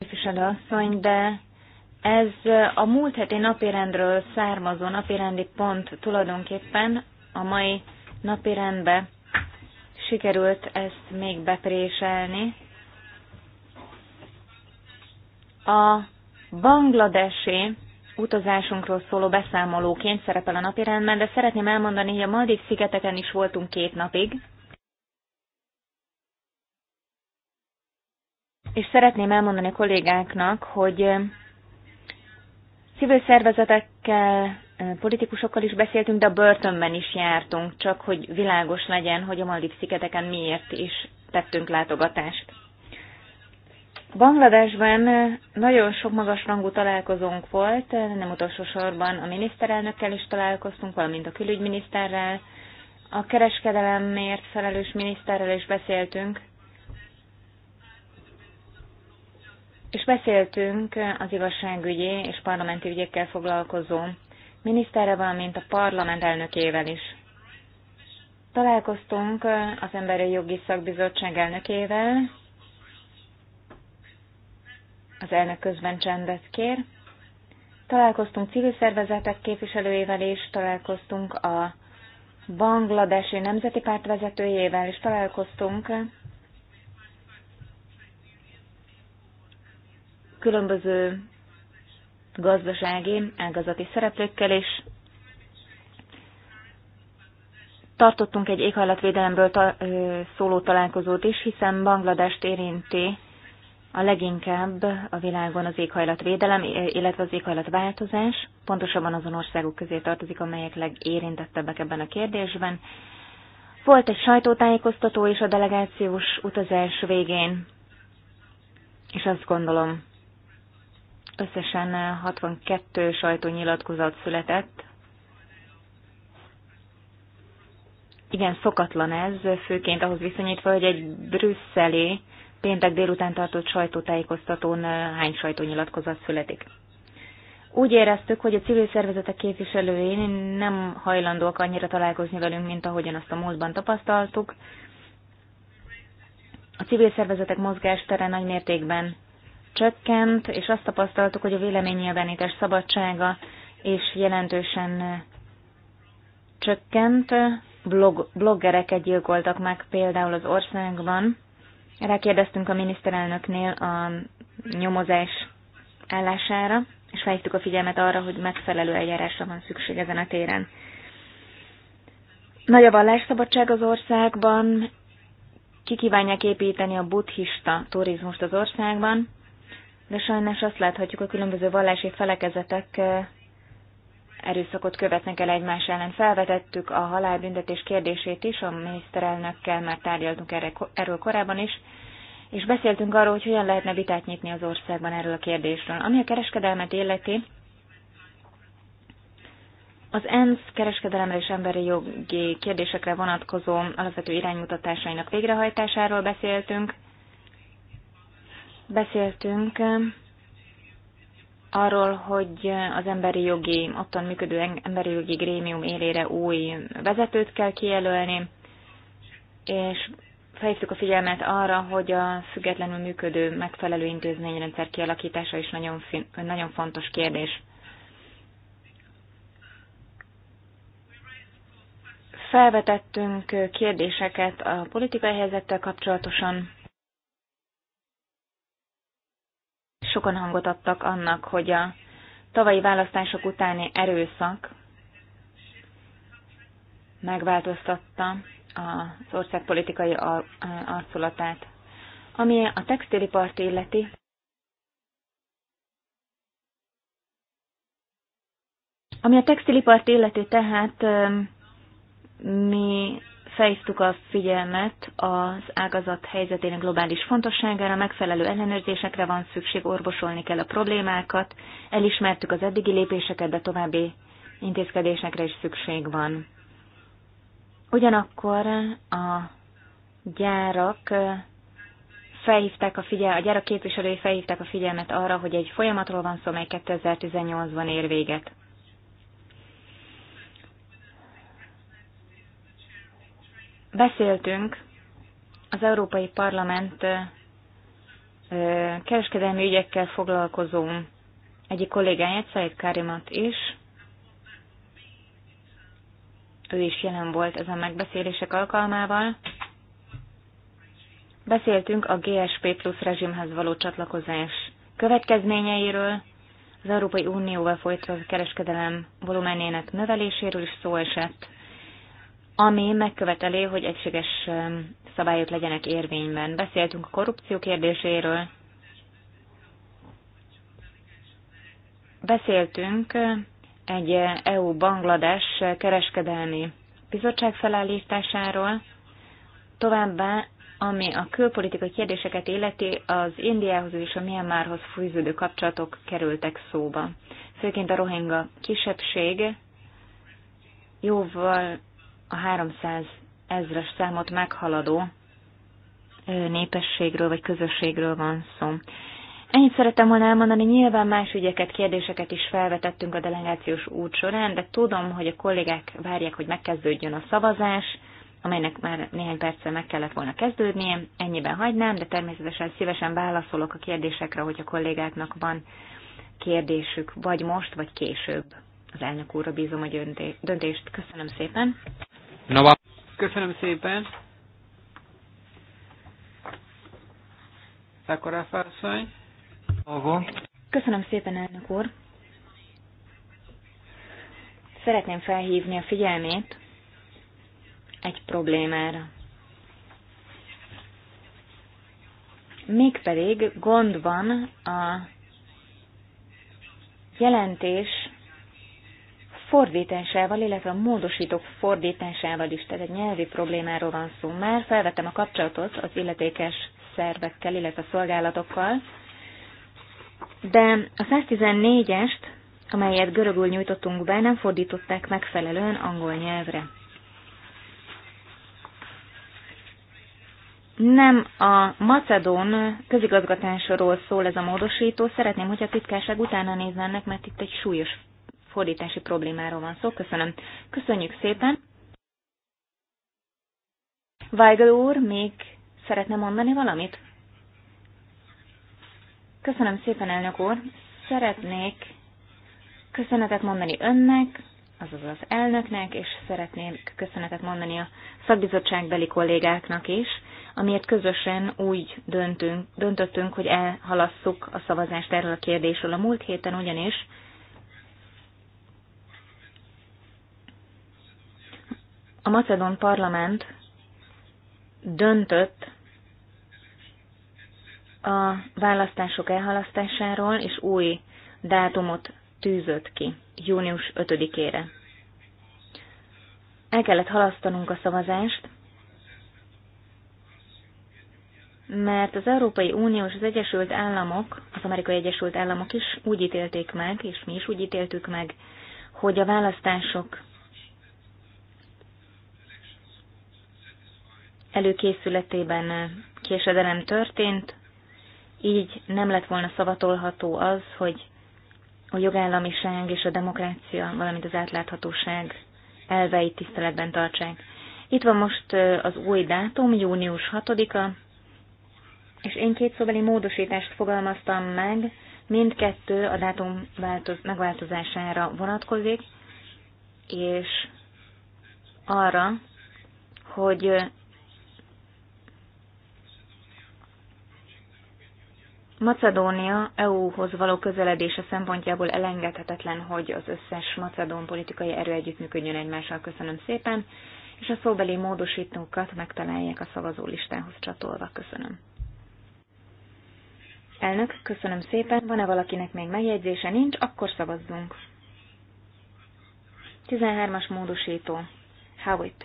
képviselő asszony, de ez a múlt heti napirendről származó napirendi pont tulajdonképpen a mai napirendbe sikerült ezt még bepréselni. A bangladesi utazásunkról szóló beszámolóként szerepel a napirendben, de szeretném elmondani, hogy a Maldiv szigeteken is voltunk két napig. és szeretném elmondani a kollégáknak, hogy civil szervezetekkel, politikusokkal is beszéltünk, de a börtönben is jártunk, csak hogy világos legyen, hogy a Maldiv szigeteken miért is tettünk látogatást. Bangladesben nagyon sok magas rangú találkozónk volt, nem utolsó sorban a miniszterelnökkel is találkoztunk, valamint a külügyminiszterrel, a kereskedelemért felelős miniszterrel is beszéltünk, És beszéltünk az igazságügyi és parlamenti ügyekkel foglalkozó minisztere, valamint a parlament elnökével is. Találkoztunk az Emberi Jogi Szakbizottság elnökével, az elnök közben csendet kér. Találkoztunk civil szervezetek képviselőjével is, találkoztunk a Bangladesi Nemzeti Párt vezetőjével is, találkoztunk különböző gazdasági, ágazati szereplőkkel, és tartottunk egy éghajlatvédelemről ta, ö, szóló találkozót is, hiszen Bangladest érinti a leginkább a világon az éghajlatvédelem, illetve az éghajlatváltozás. Pontosabban azon országok közé tartozik, amelyek legérintettebbek ebben a kérdésben. Volt egy sajtótájékoztató is a delegációs utazás végén, és azt gondolom, Összesen 62 sajtónyilatkozat született. Igen, szokatlan ez, főként ahhoz viszonyítva, hogy egy brüsszeli péntek délután tartott sajtótájékoztatón hány sajtónyilatkozat születik. Úgy éreztük, hogy a civil szervezetek képviselői nem hajlandóak annyira találkozni velünk, mint ahogyan azt a múltban tapasztaltuk. A civil szervezetek mozgástere nagy mértékben csökkent, és azt tapasztaltuk, hogy a véleménynyilvánítás szabadsága és jelentősen eh, csökkent. Blog, bloggereket gyilkoltak meg például az országban. Rákérdeztünk a miniszterelnöknél a nyomozás állására, és felhívtuk a figyelmet arra, hogy megfelelő eljárásra van szükség ezen a téren. Nagy a vallásszabadság az országban, ki kívánják építeni a buddhista turizmust az országban, de sajnos azt láthatjuk, hogy különböző vallási felekezetek erőszakot követnek el egymás ellen. Felvetettük a halálbüntetés kérdését is, a miniszterelnökkel már tárgyaltunk erre, erről korábban is, és beszéltünk arról, hogy hogyan lehetne vitát nyitni az országban erről a kérdésről. Ami a kereskedelmet illeti, az ENSZ kereskedelemre és emberi jogi kérdésekre vonatkozó alapvető iránymutatásainak végrehajtásáról beszéltünk, Beszéltünk um, arról, hogy az emberi jogi, ottan működő emberi jogi grémium élére új vezetőt kell kijelölni, és fejtük a figyelmet arra, hogy a függetlenül működő megfelelő intézményrendszer kialakítása is nagyon, nagyon fontos kérdés. Felvetettünk kérdéseket a politikai helyzettel kapcsolatosan, sokan hangot adtak annak, hogy a tavalyi választások utáni erőszak megváltoztatta az ország politikai arculatát. Ami a textilipart illeti, Ami a textilipart illeti, tehát mi fejtük a figyelmet az ágazat helyzetének globális fontosságára, megfelelő ellenőrzésekre van szükség, orvosolni kell a problémákat, elismertük az eddigi lépéseket, de további intézkedésekre is szükség van. Ugyanakkor a gyárak felhívták a figyelmet, a gyárak képviselői felhívták a figyelmet arra, hogy egy folyamatról van szó, mely 2018-ban ér véget. Beszéltünk az Európai Parlament kereskedelmi ügyekkel foglalkozó egyik kollégáját, Said Karimat is. Ő is jelen volt ezen megbeszélések alkalmával. Beszéltünk a GSP plusz rezsimhez való csatlakozás következményeiről, az Európai Unióval folytatott kereskedelem volumenének növeléséről is szó esett ami megköveteli, hogy egységes um, szabályok legyenek érvényben. Beszéltünk a korrupció kérdéséről, beszéltünk uh, egy uh, EU-Banglades uh, kereskedelmi bizottság felállításáról, továbbá, ami a külpolitikai kérdéseket illeti, az Indiához és a Myanmarhoz fűződő kapcsolatok kerültek szóba. Főként a rohingya kisebbség jóval a 300 ezres számot meghaladó népességről vagy közösségről van szó. Ennyit szerettem volna elmondani, nyilván más ügyeket, kérdéseket is felvetettünk a delegációs út során, de tudom, hogy a kollégák várják, hogy megkezdődjön a szavazás, amelynek már néhány perccel meg kellett volna kezdődnie. Ennyiben hagynám, de természetesen szívesen válaszolok a kérdésekre, hogy a kollégáknak van kérdésük, vagy most, vagy később. Az elnök úrra bízom a döntést. Köszönöm szépen. Nova. Köszönöm szépen. Szakora Köszönöm szépen, elnök úr. Szeretném felhívni a figyelmét egy problémára. Mégpedig gond van a jelentés fordításával, illetve a módosítók fordításával is, tehát egy nyelvi problémáról van szó. Már felvettem a kapcsolatot az illetékes szervekkel, illetve a szolgálatokkal, de a 114-est, amelyet görögül nyújtottunk be, nem fordították megfelelően angol nyelvre. Nem a macedón közigazgatásról szól ez a módosító. Szeretném, hogy a titkárság utána nézne ennek, mert itt egy súlyos fordítási problémáról van szó. Köszönöm. Köszönjük szépen. Weigel úr, még szeretne mondani valamit? Köszönöm szépen, elnök úr. Szeretnék köszönetet mondani önnek, azaz az elnöknek, és szeretnék köszönetet mondani a szakbizottságbeli kollégáknak is, amiért közösen úgy döntünk, döntöttünk, hogy elhalasszuk a szavazást erről a kérdésről. A múlt héten ugyanis a macedon parlament döntött a választások elhalasztásáról, és új dátumot tűzött ki, június 5-ére. El kellett halasztanunk a szavazást, mert az Európai Unió és az Egyesült Államok, az Amerikai Egyesült Államok is úgy ítélték meg, és mi is úgy ítéltük meg, hogy a választások előkészületében késedelem történt, így nem lett volna szavatolható az, hogy a jogállamiság és a demokrácia, valamint az átláthatóság elveit tiszteletben tartsák. Itt van most az új dátum, június 6-a, és én két szóbeli módosítást fogalmaztam meg, mindkettő a dátum változ, megváltozására vonatkozik, és arra, hogy Macedónia EU-hoz való közeledése szempontjából elengedhetetlen, hogy az összes macedón politikai erő együttműködjön egymással. Köszönöm szépen, és a szóbeli módosítókat megtalálják a szavazólistához csatolva. Köszönöm. Elnök, köszönöm szépen. Van-e valakinek még megjegyzése? Nincs, akkor szavazzunk. 13-as módosító. Howitt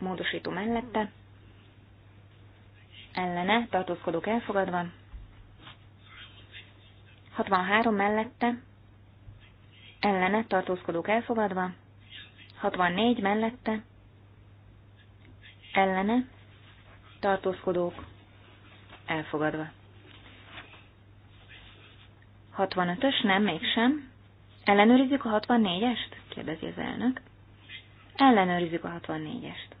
módosító mellette. Ellene, tartózkodók elfogadva. 63 mellette, ellene tartózkodók elfogadva, 64 mellette, ellene tartózkodók elfogadva. 65-ös nem, mégsem. Ellenőrizzük a 64-est? kérdezi az elnök. Ellenőrizzük a 64-est.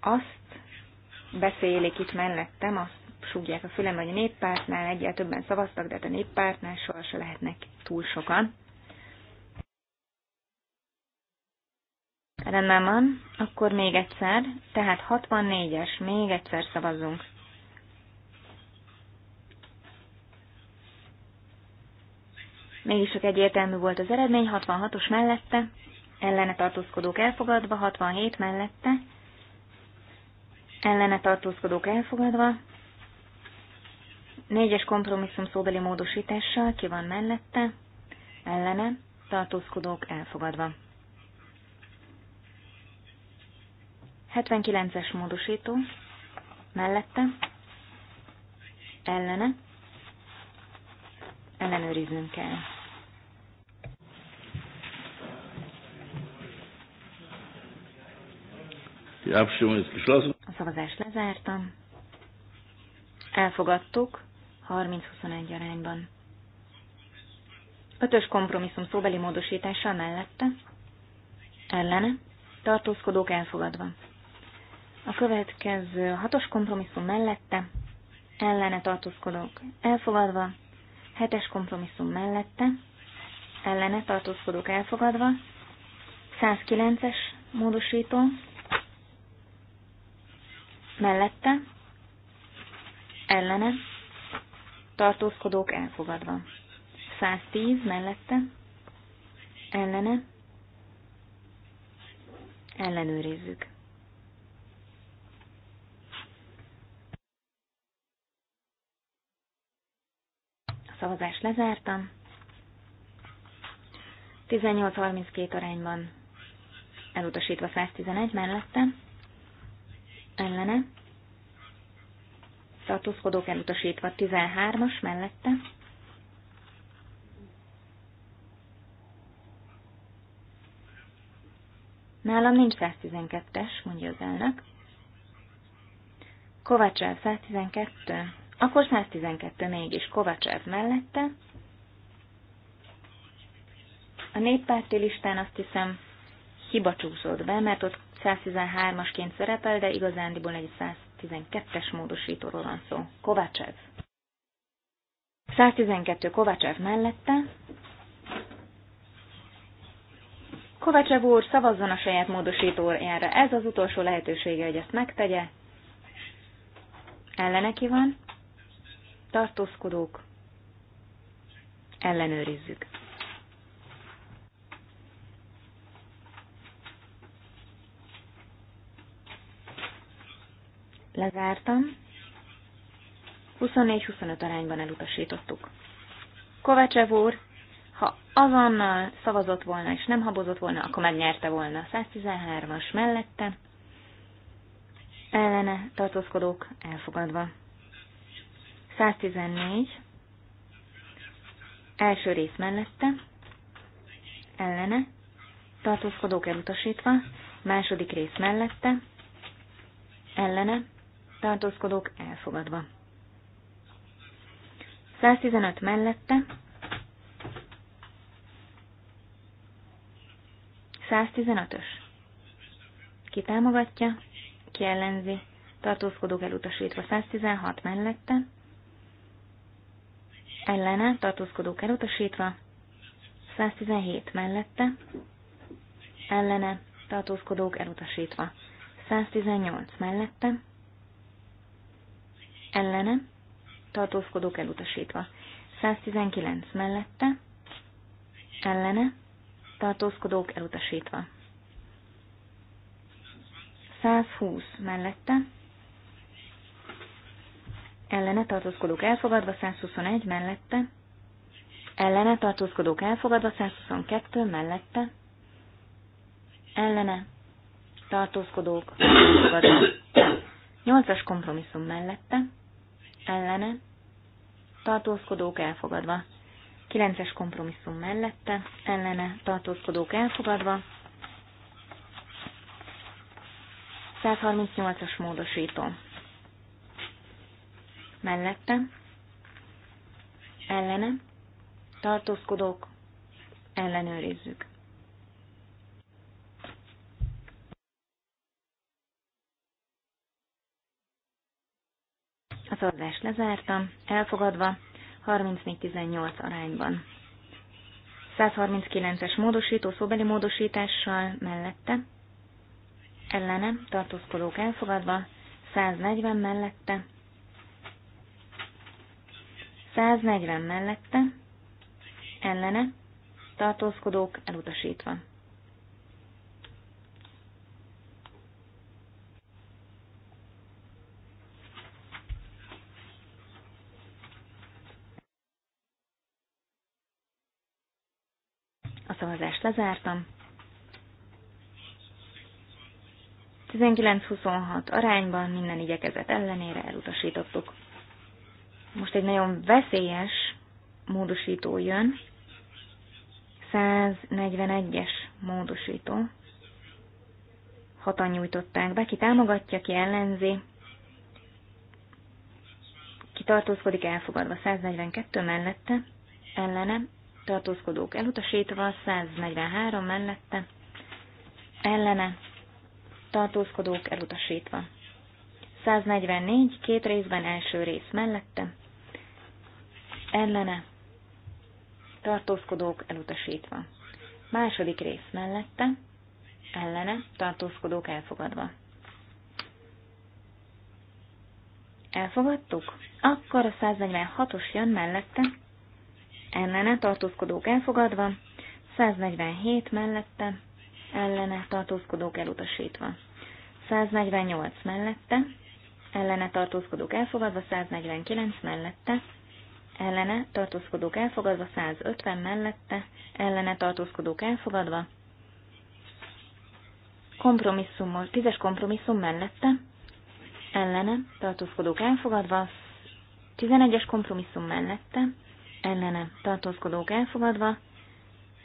azt beszélik itt mellettem, azt súgják a fülem, hogy a néppártnál egyel többen szavaztak, de hát a néppártnál sohasem lehetnek túl sokan. Rendben van, akkor még egyszer, tehát 64-es, még egyszer szavazzunk. Mégis csak egyértelmű volt az eredmény, 66-os mellette, ellene tartózkodók elfogadva, 67 mellette, ellene tartózkodók elfogadva, négyes kompromisszum szóbeli módosítással ki van mellette, ellene tartózkodók elfogadva. 79-es módosító, mellette, ellene, ellenőriznünk kell. Die Abstimmung ist geschlossen. A szavazást lezártam. Elfogadtuk 30-21 arányban. Ötös kompromisszum szóbeli módosítása mellette. Ellene. Tartózkodók elfogadva. A következő hatos kompromisszum mellette. Ellene tartózkodók elfogadva. Hetes kompromisszum mellette. Ellene tartózkodók elfogadva. 109-es módosító mellette, ellene, tartózkodók elfogadva. 110 mellette, ellene, ellenőrizzük. A szavazást lezártam. 18-32 arányban elutasítva 111 mellette, ellene, tartózkodók elutasítva 13-as mellette, Nálam nincs 112-es, mondja az elnök. Kovacsev 112. Akkor 112 mégis Kovacsev mellette. A néppárti listán azt hiszem hiba csúszott be, mert ott 113-asként szerepel, de igazándiból egy 112-es módosítóról van szó. Kovácsev. 112 Kovácsev mellette. Kovácsev úr szavazzon a saját módosítójára. Ez az utolsó lehetősége, hogy ezt megtegye. Ellene ki van? Tartózkodók. Ellenőrizzük. Lezártam. 24-25 arányban elutasítottuk. Kovacsev úr, ha azonnal szavazott volna és nem habozott volna, akkor megnyerte volna a 113-as mellette. Ellene tartózkodók elfogadva. 114. Első rész mellette. Ellene. Tartózkodók elutasítva. Második rész mellette. Ellene tartózkodók elfogadva. 115 mellette, 115-ös. Ki támogatja, ki ellenzi, tartózkodók elutasítva 116 mellette, ellene, tartózkodók elutasítva, 117 mellette, ellene, tartózkodók elutasítva, 118 mellette, ellene, tartózkodók elutasítva. 119 mellette, ellene, tartózkodók elutasítva. 120 mellette, ellene tartózkodók elfogadva, 121 mellette, ellene tartózkodók elfogadva, 122 mellette, ellene tartózkodók elfogadva, 8-as kompromisszum mellette, ellene, tartózkodók elfogadva. 9-es kompromisszum mellette, ellene, tartózkodók elfogadva. 138-as módosító. Mellette, ellene, tartózkodók, ellenőrizzük. A szavazást lezártam, elfogadva 34-18 arányban. 139-es módosító szóbeli módosítással mellette, ellene tartózkodók elfogadva, 140 mellette, 140 mellette, ellene tartózkodók elutasítva. szavazást lezártam. 19-26 arányban minden igyekezet ellenére elutasítottuk. Most egy nagyon veszélyes módosító jön. 141-es módosító. Hatan nyújtották be, ki támogatja, ki ellenzi. Ki tartózkodik elfogadva 142 mellette, ellene, tartózkodók elutasítva, 143 mellette, ellene, tartózkodók elutasítva. 144, két részben első rész mellette, ellene, tartózkodók elutasítva. Második rész mellette, ellene, tartózkodók elfogadva. Elfogadtuk? Akkor a 146-os jön mellette, ellene tartózkodók elfogadva, 147 mellette, ellene tartózkodók elutasítva, 148 mellette, ellene tartózkodók elfogadva, 149 mellette, ellene tartózkodók elfogadva, 150 mellette, ellene tartózkodók elfogadva, kompromisszum tízes kompromisszum mellette, ellene tartózkodók elfogadva, 11-es kompromisszum mellette, ellene tartózkodók elfogadva,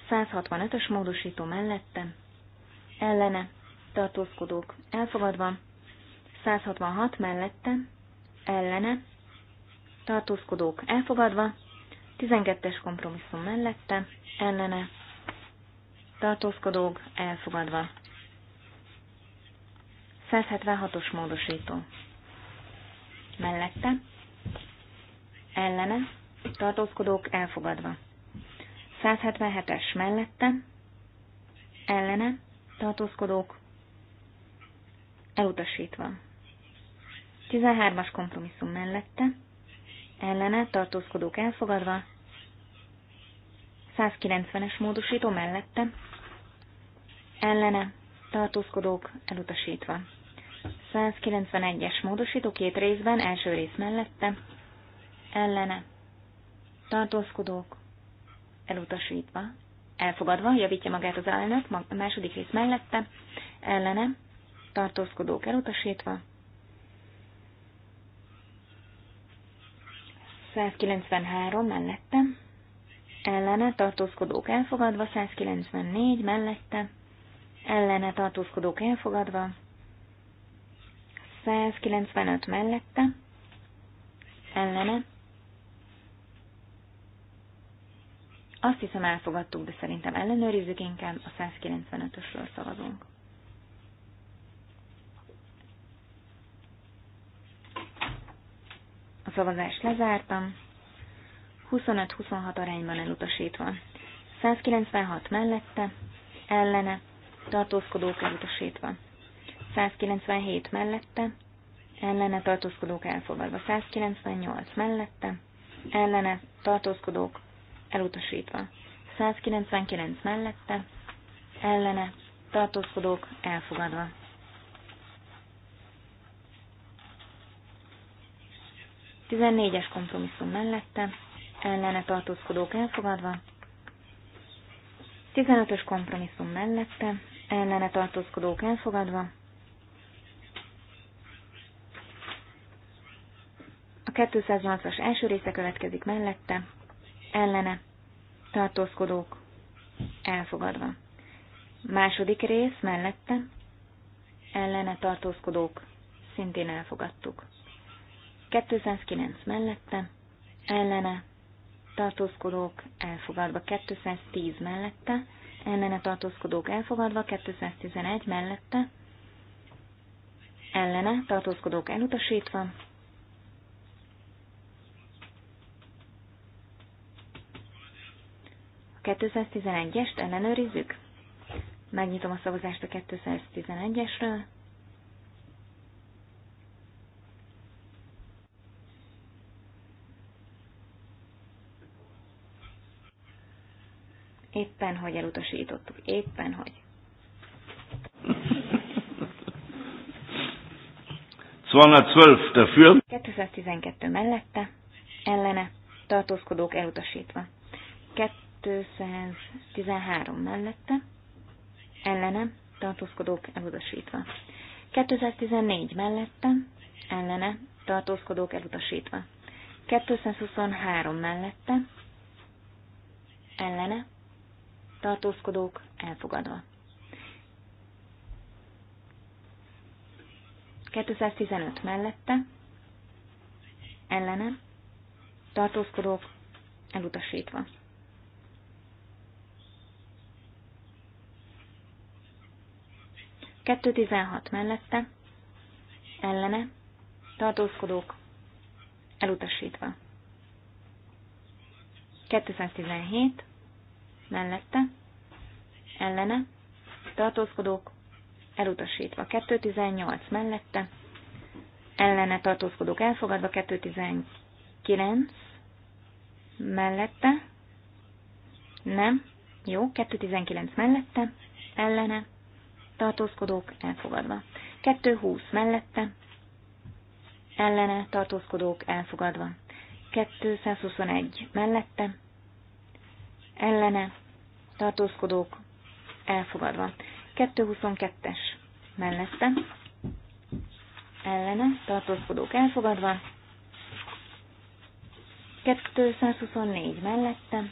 165-ös módosító mellette, ellene tartózkodók elfogadva, 166 mellette, ellene tartózkodók elfogadva, 12-es kompromisszum mellette, ellene tartózkodók elfogadva. 176-os módosító. Mellette, ellene, tartózkodók elfogadva. 177-es mellette, ellene, tartózkodók elutasítva. 13-as kompromisszum mellette, ellene, tartózkodók elfogadva. 190-es módosító mellette, ellene, tartózkodók elutasítva. 191-es módosító két részben, első rész mellette, ellene, tartózkodók, elutasítva, elfogadva, javítja magát az elnök, a második rész mellette, ellene, tartózkodók elutasítva, 193 mellette, ellene tartózkodók elfogadva, 194 mellette, ellene tartózkodók elfogadva, 195 mellette, ellene Azt hiszem elfogadtuk, de szerintem ellenőrizzük inkább, a 195-ösről szavazunk. A szavazást lezártam, 25-26 arányban elutasítva. 196 mellette, ellene, tartózkodók elutasítva. 197 mellette, ellene tartózkodók elfogadva. 198 mellette, ellene tartózkodók elutasítva. 199 mellette, ellene, tartózkodók elfogadva. Tizennégyes kompromisszum mellette, ellene tartózkodók elfogadva. Tizenötös kompromisszum mellette, ellene tartózkodók elfogadva. A 208-as első része következik mellette, ellene tartózkodók elfogadva. Második rész mellette ellene tartózkodók szintén elfogadtuk. 209 mellette ellene tartózkodók elfogadva, 210 mellette ellene tartózkodók elfogadva, 211 mellette ellene tartózkodók elutasítva, 211-est ellenőrizzük. Megnyitom a szavazást a 211-esről. Éppen, hogy elutasítottuk. Éppen, hogy. 212 dafür. 212 mellette, ellene, tartózkodók elutasítva. 213 mellette, ellene, tartózkodók elutasítva. 214 mellette, ellene, tartózkodók elutasítva. 223 mellette, ellene, tartózkodók elfogadva. 215 mellette, ellene, tartózkodók elutasítva. 216 mellette, ellene, tartózkodók, elutasítva. 217 mellette, ellene, tartózkodók, elutasítva. 218 mellette, ellene tartózkodók elfogadva, 219 mellette, nem, jó, 219 mellette, ellene, tartózkodók elfogadva. 220 mellette, ellene tartózkodók elfogadva. 221 mellette, ellene tartózkodók elfogadva. 222-es mellette, ellene tartózkodók elfogadva. 224 mellette,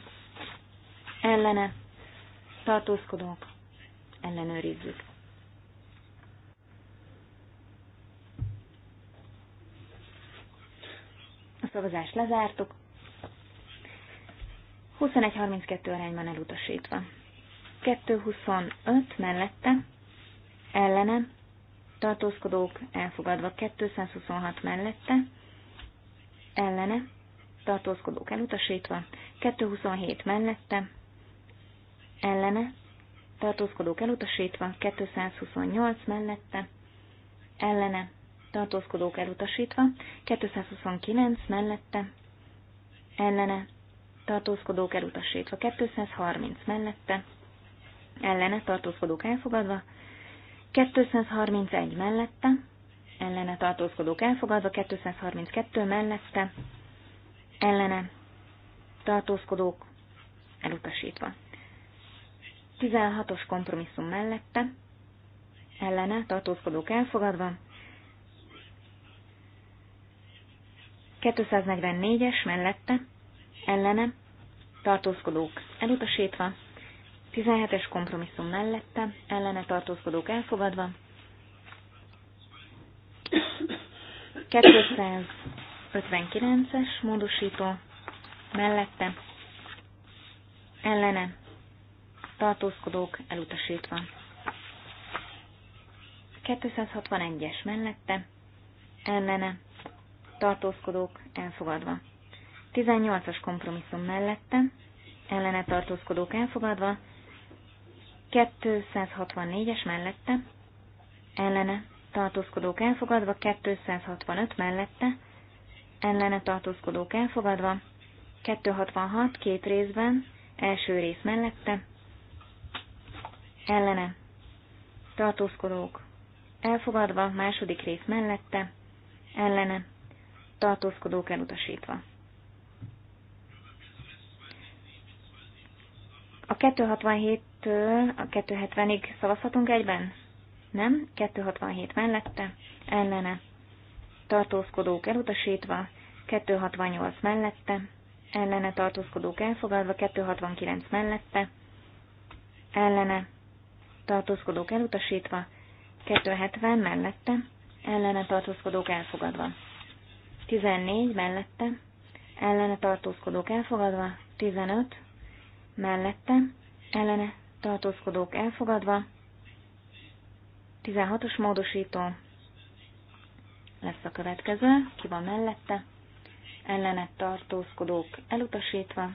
ellene tartózkodók ellenőrizzük. szavazást lezártuk. 21-32 arányban elutasítva. 225 mellette, ellene, tartózkodók elfogadva 226 mellette, ellene, tartózkodók elutasítva, 227 mellette, ellene, tartózkodók elutasítva, 228 mellette, ellene, tartózkodók elutasítva, 229 mellette, ellene, tartózkodók elutasítva, 230 mellette, ellene, tartózkodók elfogadva, 231 mellette, ellene tartózkodók elfogadva, 232 mellette, ellene tartózkodók elutasítva. 16-os kompromisszum mellette, ellene tartózkodók elfogadva, 244-es mellette, ellene, tartózkodók elutasítva, 17-es kompromisszum mellette, ellene tartózkodók elfogadva, 259-es módosító mellette, ellene tartózkodók elutasítva. 261-es mellette, ellene tartózkodók elfogadva. 18-as kompromisszum mellette, ellene tartózkodók elfogadva, 264-es mellette, ellene tartózkodók elfogadva, 265 mellette, ellene tartózkodók elfogadva, 266 két részben, első rész mellette, ellene tartózkodók elfogadva, második rész mellette, ellene tartózkodók elutasítva. A 267-től a 270-ig szavazhatunk egyben? Nem, 267 mellette, ellene, tartózkodók elutasítva, 268 mellette, ellene tartózkodók elfogadva, 269 mellette, ellene tartózkodók elutasítva, 270 mellette, ellene tartózkodók elfogadva. 14 mellette, ellene tartózkodók elfogadva, 15 mellette, ellene tartózkodók elfogadva, 16-os módosító lesz a következő, ki van mellette, ellene tartózkodók elutasítva,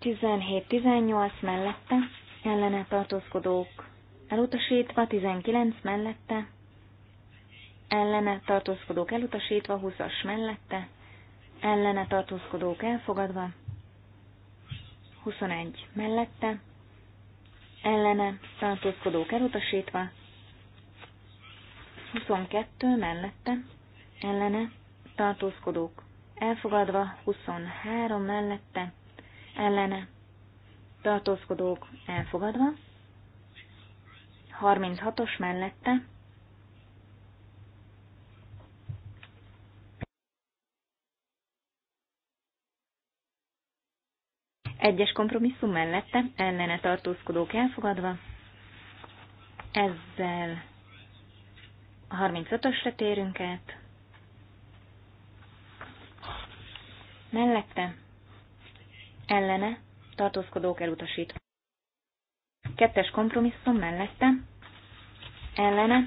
17-18 mellette, ellene tartózkodók elutasítva, 19 mellette, ellene tartózkodók elutasítva, 20 mellette, ellene tartózkodók elfogadva, 21 mellette, ellene tartózkodók elutasítva, 22 mellette, ellene tartózkodók elfogadva, 23 mellette, ellene tartózkodók elfogadva, 36-os mellette, Egyes kompromisszum mellette ellene tartózkodók elfogadva. Ezzel a 35-ösre térünk át. Mellette ellene tartózkodók elutasítva. Kettes kompromisszum mellette ellene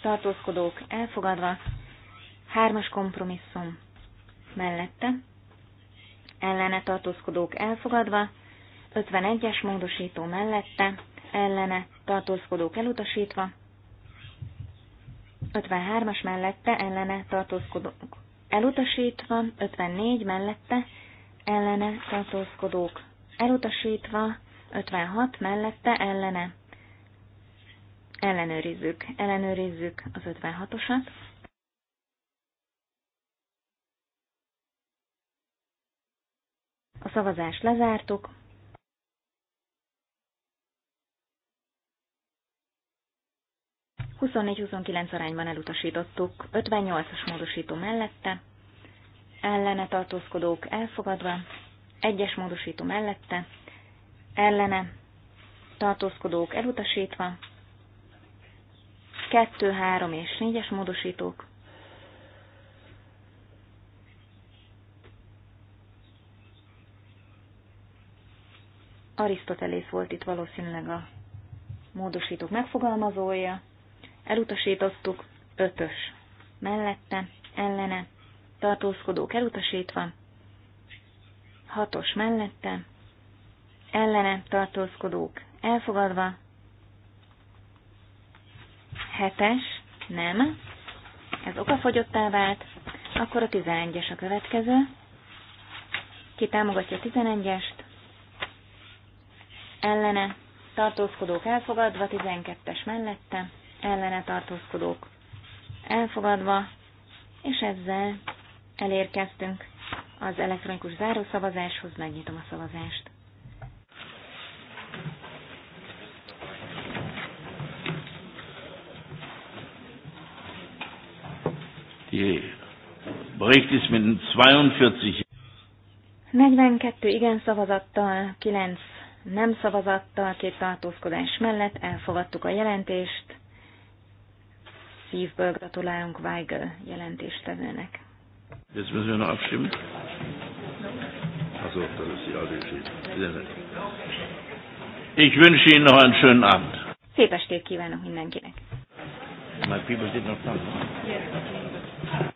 tartózkodók elfogadva. Hármas kompromisszum mellette ellene tartózkodók elfogadva, 51-es módosító mellette, ellene tartózkodók elutasítva, 53-as mellette ellene tartózkodók elutasítva, 54 mellette ellene tartózkodók elutasítva, 56 mellette ellene ellenőrizzük, ellenőrizzük az 56-osat. A szavazást lezártuk. Huszonnégy-huszonkilenc arányban elutasítottuk, 58-as módosító mellette, ellene tartózkodók elfogadva, egyes módosító mellette, ellene tartózkodók elutasítva, 2, 3 és 4 módosítók Arisztotelész volt itt valószínűleg a módosítók megfogalmazója. Elutasítottuk, ötös mellette, ellene, tartózkodók elutasítva, hatos mellette, ellene tartózkodók elfogadva, hetes, nem, ez okafogyottá vált, akkor a 11-es a következő, ki támogatja a 11-est, ellene tartózkodók elfogadva, 12-es mellette ellene tartózkodók elfogadva, és ezzel elérkeztünk az elektronikus zárószavazáshoz, megnyitom a szavazást. Die Bericht ist mit 42 42 igen szavazattal, 9 nem szavazattal, két tartózkodás mellett elfogadtuk a jelentést. Szívből gratulálunk Weigel jelentéstevőnek. Ich wünsche Ihnen noch einen schönen Abend. Szép estét kívánok mindenkinek. My people did not come. Yes.